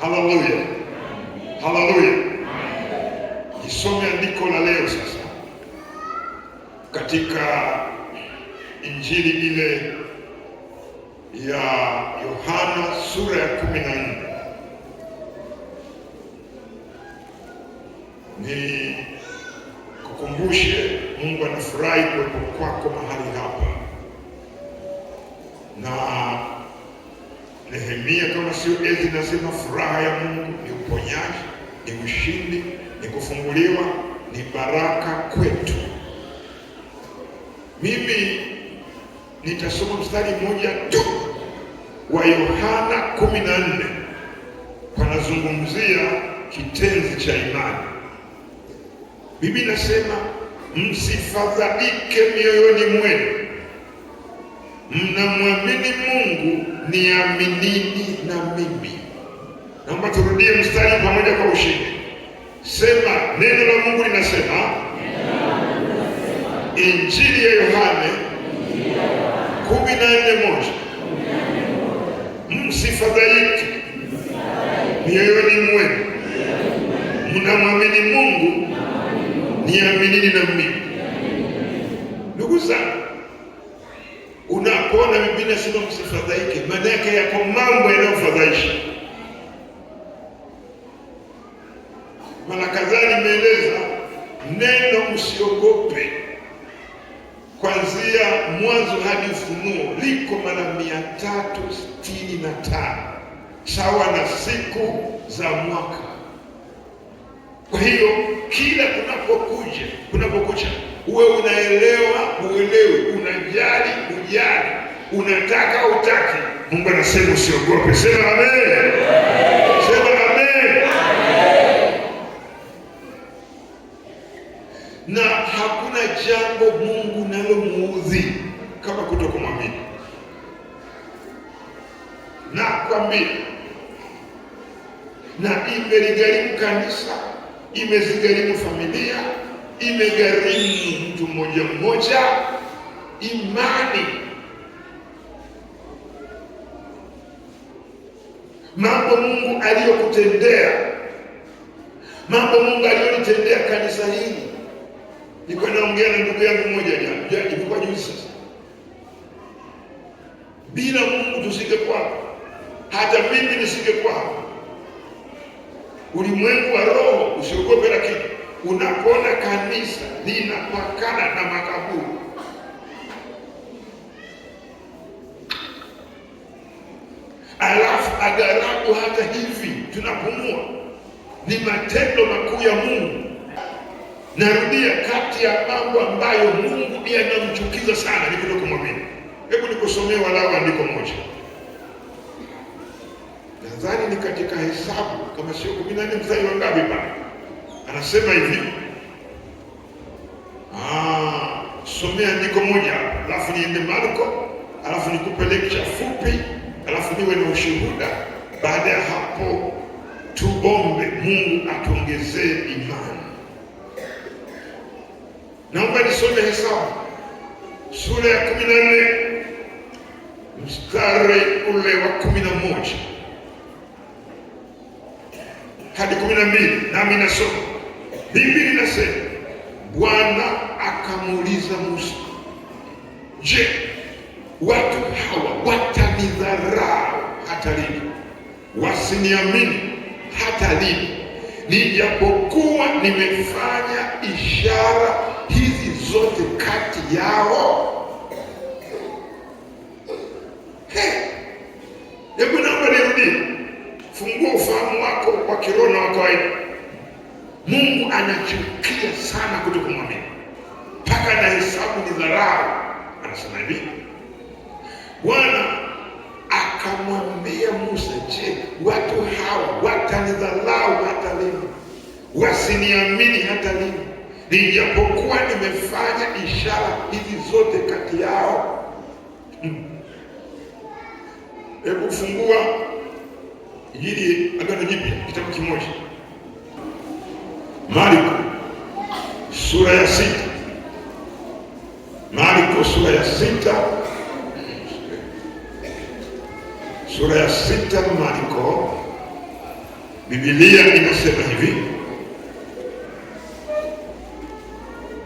Haleluya, haleluya. Nisome andiko la leo sasa katika Injili ile ya Yohana sura ya kumi na nne ni kukumbushe, Mungu anafurahi kuwepo kwako mahali hapa na Nehemia, kama sio ezi, nasema furaha ya Mungu ni uponyaji, ni ushindi, ni kufunguliwa, ni baraka kwetu. Mimi nitasoma mstari mmoja tu wa Yohana kumi na nne, panazungumzia kitenzi cha imani. mimi nasema msifadhaike mioyoni mwenu, mnamwamini Mungu niaminini na mimi. Naomba turudie mstari pamoja kwa ushindi. Sema neno la Mungu linasema, Injili ya Yohane kumi na nne moja msifadhaike mioyoni mwenu, mnamwamini Mungu, niaminini na mimi. Ndugu zangu Mkiona Biblia sema msifadhaike, maana yake yako mambo yanayofadhaisha. Maana kadhaa nimeeleza neno usiogope, kuanzia Mwanzo hadi Ufunuo liko mara mia tatu sitini na tano sawa na siku za mwaka. Kwa hiyo kila kunapokuja kunapokucha, uwe unaelewa uelewe, unajali ujali Unataka au utaki, Mungu anasema usiogope. Sema amen, sema amen. Na hakuna jambo Mungu nalomuudhi kama kutokumwamini. Na kwambie na imeligharimu kanisa, imezigharimu familia, imegharimu mtu mmoja mmoja, imani mambo Mungu aliyokutendea, mambo Mungu aliyolitendea kanisa hili. Niko naongea na ndugu yangu mmoja jana, ilikuwa juzi sasa. Bila Mungu tusingekuwa kwa hata mimi nisingekuwa hapa. Ulimwengu wa roho usiogope, lakini unapoona kanisa linapakana na makaburi alafu aghalabu hata hivi tunapumua, ni matendo makuu ya Mungu. Narudia, kati ya mambo ambayo Mungu anamchukiza sana ni kuto Hebu nikusomee walau andiko moja, nadhani ni katika Hesabu kama sio kumi na nne mstari wa ngapi pale, anasema hivi ah, somea andiko moja alafu niende Marko alafu nikupe lecture fupi halafu niwe na ushuhuda. Baada ya hapo, tuombe Mungu atuongezee imani. Naomba nisome Hesabu sura ya kumi na nne mstari ule wa kumi na moja hadi kumi na mbili nami nasoma Biblia inasema, Bwana akamuuliza Musa, je, watu hawa watanidharau hata lini? Wasiniamini hata lini? Nijapokuwa nimefanya ishara hizi zote kati yao. Hebu naomba nirudie, fungua ufahamu wako wa kiroho na wa kawaida. Mungu anachukia sana kutokumwamini, mpaka hesabu ni dharau. Anasema hivi Bwana akamwambia Musa, je, watu hawa watanidhalau hata lini? Wasiniamini hata lini, nijapokuwa nimefanya ishara hizi zote kati yao? Hmm. Hebu hmm, fungua hili Agano Jipya kitabu kimoja, Marko sura ya sita, Marko sura ya sita sura ya sita maandiko, Biblia inasema hivi,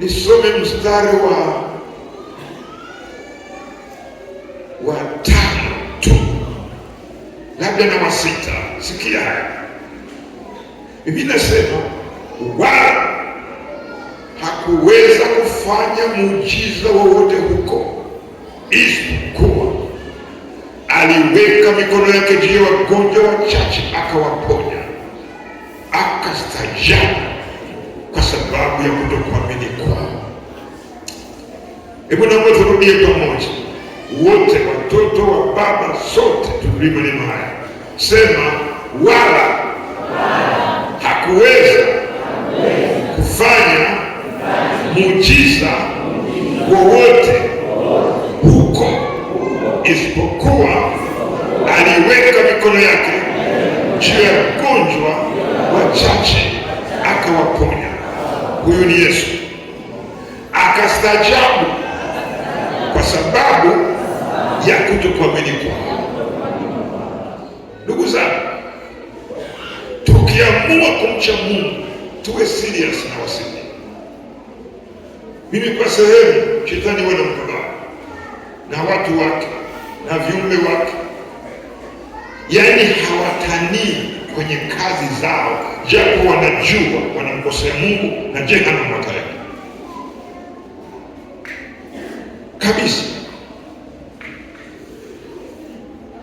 nisome mstari wa wa tatu labda na wa sita. Sikia haya, Biblia inasema wa hakuweza kufanya muujiza wowote huko aliweka mikono yake juu ya wagonjwa wachache akawaponya, akastajabu kwa sababu ya kutokuamini kwao. Hebu naomba turudie pamoja wote, watoto wa baba, sote turudie maneno haya, sema wala hakuweza kufanya muujiza wowote huko isipokuwa aliweka mikono yake juu ya mgonjwa wachache akawaponya. Huyu ni Yesu, akastaajabu kwa sababu ya kutokuamini kwao. Ndugu zangu, tukiamua kumcha Mungu tuwe serious na wasini. Mimi kwa sehemu shetani wana mkabaa na watu wake na viumbe wake yaani hawatanii kwenye kazi zao, japo wanajua wanamkosea Mungu na jehanamu kabisa.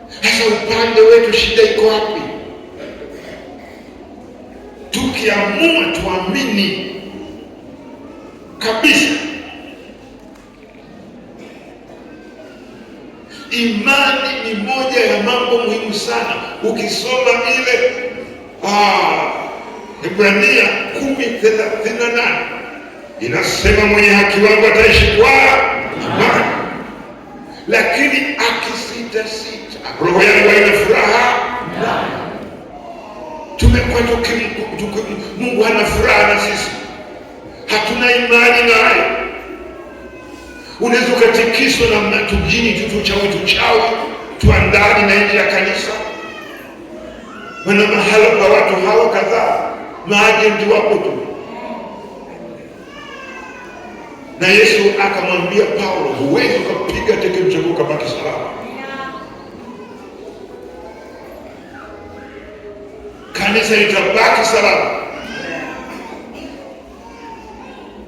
Sasa upande wetu shida iko wapi? Tukiamua tuamini kabisa Imani ni moja ya mambo muhimu sana. Ukisoma ile ah, Ibrania kumi thelathini na nane inasema mwenye haki wangu ataishi kwa imani, lakini akisitasita roho yangu haina furaha. Tumekuwa Mungu hana furaha na sisi, hatuna imani naye Unaweza ukatikiswa na mnatujini tutuchawi tuchawi twa ndani na nje ya kanisa. mana mahala pa watu hawa kadhaa, maajenti wako tu. Na Yesu akamwambia Paulo, huwezi ukapiga teke mchaguo ukabaki salama. Kanisa litabaki salama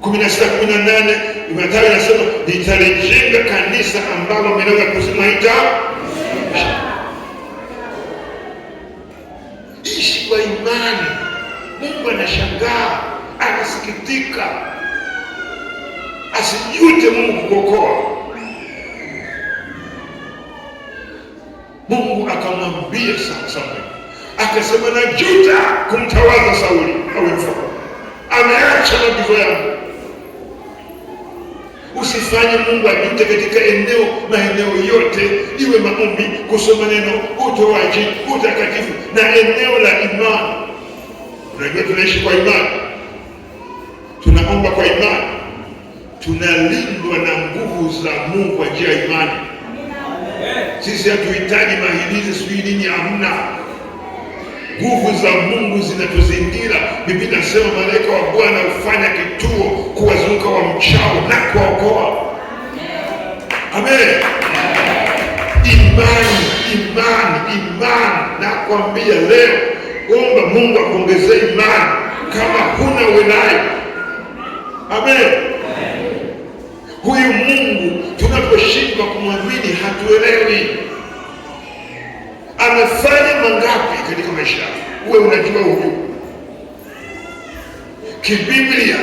kumi na sita kumi na nane Ifuatayo inasema nitalijenga kanisa ambalo milango ya kuzimu ishi kwa imani. Mungu anashangaa, anasikitika, asijute Mungu kuokoa. Mungu akamwambia Samweli, akasema najuta kumtawaza Sauli awe mfalme, ameacha maagizo yangu Usifanye Mungu apite katika eneo maeneo yote, iwe maombi, kusoma neno, utoaji, utakatifu na eneo la imani. Unajua tunaishi kwa imani, tunaomba kwa imani, tunalindwa na nguvu za Mungu kwa njia ya imani. Sisi hatuhitaji mahimizi, sijui nini, hamna Nguvu za Mungu zinatuzingira. Biblia inasema malaika wa Bwana hufanya kituo kuwazunguka mchao na kuwaokoa. Amen. Imani, imani, imani. Nakwambia leo, omba Mungu akuongezee imani kama huna unayo. Amen. Huyu Mungu tunaposhindwa kumwamini hatuelewi, anafanya mambo ngapi katika maisha uwe unajua huyu kibiblia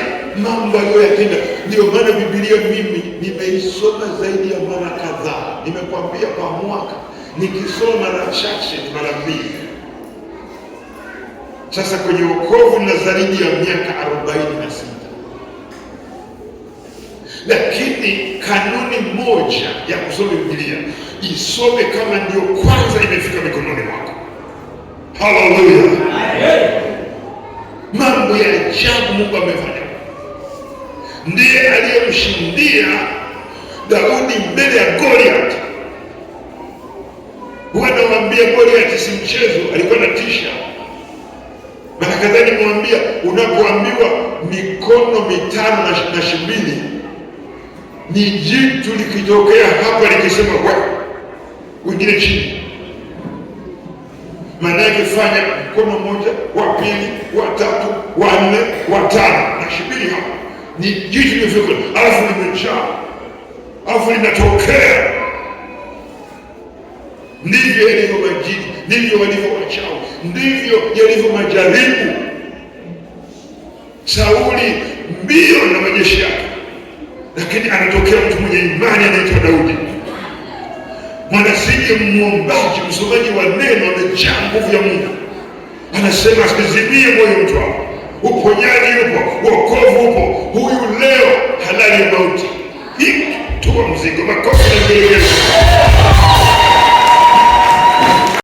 mambo aliyoyatenda. Ndio maana Biblia mimi nimeisoma zaidi ya mara kadhaa, nimekwambia kwa mwaka nikisoma mara chache mara mbili. Sasa kwenye wokovu na zaidi ya miaka arobaini na sita, lakini kanuni moja ya kusoma Biblia isome kama ndio kwanza imefika mikononi mwako Haleluya! Mambo ya ajabu Mungu amefanya. Ndiye aliyemshindia Daudi mbele ya Goliath. Wanawaambia Goliath si mchezo, alikuwa na tisha marakadhani. Nimwambia, unapoambiwa mikono mitano na shimbili ni jitu likitokea hapa likisema kwa wengine chini yake fanya mkono mmoja, wa pili, wa tatu, wa nne, wa tano, na shibiri hapo ni jiji livyoko, alafu limejaa, alafu linatokea. Ndivyo yalivyo majiji ndivyo walivyo wachao ndivyo yalivyo majaribu. Sauli mbio na majeshi yake, lakini anatokea mtu mwenye imani anaitwa Daudi ndiye mwombaji. Msomaji wa neno amejaa nguvu ya Mungu. Anasema sizibie moyo mtu wako, uponyaji upo, wokovu upo. Huyu leo halali mauti, hii tua mzigo makofi na